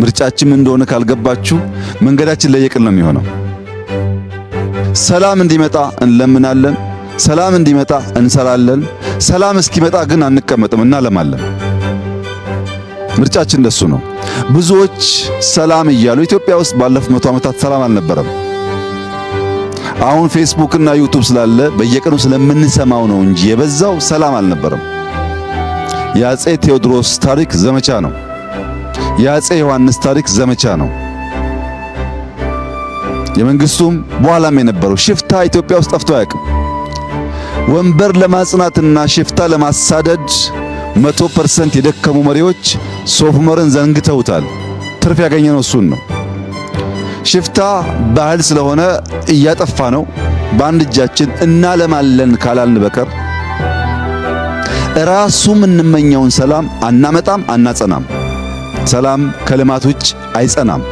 ምርጫችን እንደሆነ ካልገባችሁ መንገዳችን ለየቅል ነው የሚሆነው። ሰላም እንዲመጣ እንለምናለን። ሰላም እንዲመጣ እንሰራለን። ሰላም እስኪመጣ ግን አንቀመጥም፣ እናለማለን። ምርጫችን እንደሱ ነው። ብዙዎች ሰላም እያሉ ኢትዮጵያ ውስጥ ባለፉት መቶ ዓመታት ሰላም አልነበረም። አሁን ፌስቡክ እና ዩቲዩብ ስላለ በየቀኑ ስለምንሰማው ነው እንጂ የበዛው ሰላም አልነበረም። የአፄ ቴዎድሮስ ታሪክ ዘመቻ ነው። የአፄ ዮሐንስ ታሪክ ዘመቻ ነው። የመንግስቱም በኋላም የነበረው ሽፍታ ኢትዮጵያ ውስጥ ጠፍቶ አያውቅም። ወንበር ለማጽናትና ሽፍታ ለማሳደድ መቶ ፐርሰንት የደከሙ መሪዎች ሶፍ ዑመርን ዘንግተውታል። ትርፍ ያገኘነው እሱን ነው። ሽፍታ ባህል ስለሆነ እያጠፋ ነው። በአንድ እጃችን እናለማለን ካላልን በቀር ራሱም እንመኘውን ሰላም አናመጣም፣ አናጸናም። ሰላም ከልማት ውጭ አይጸናም።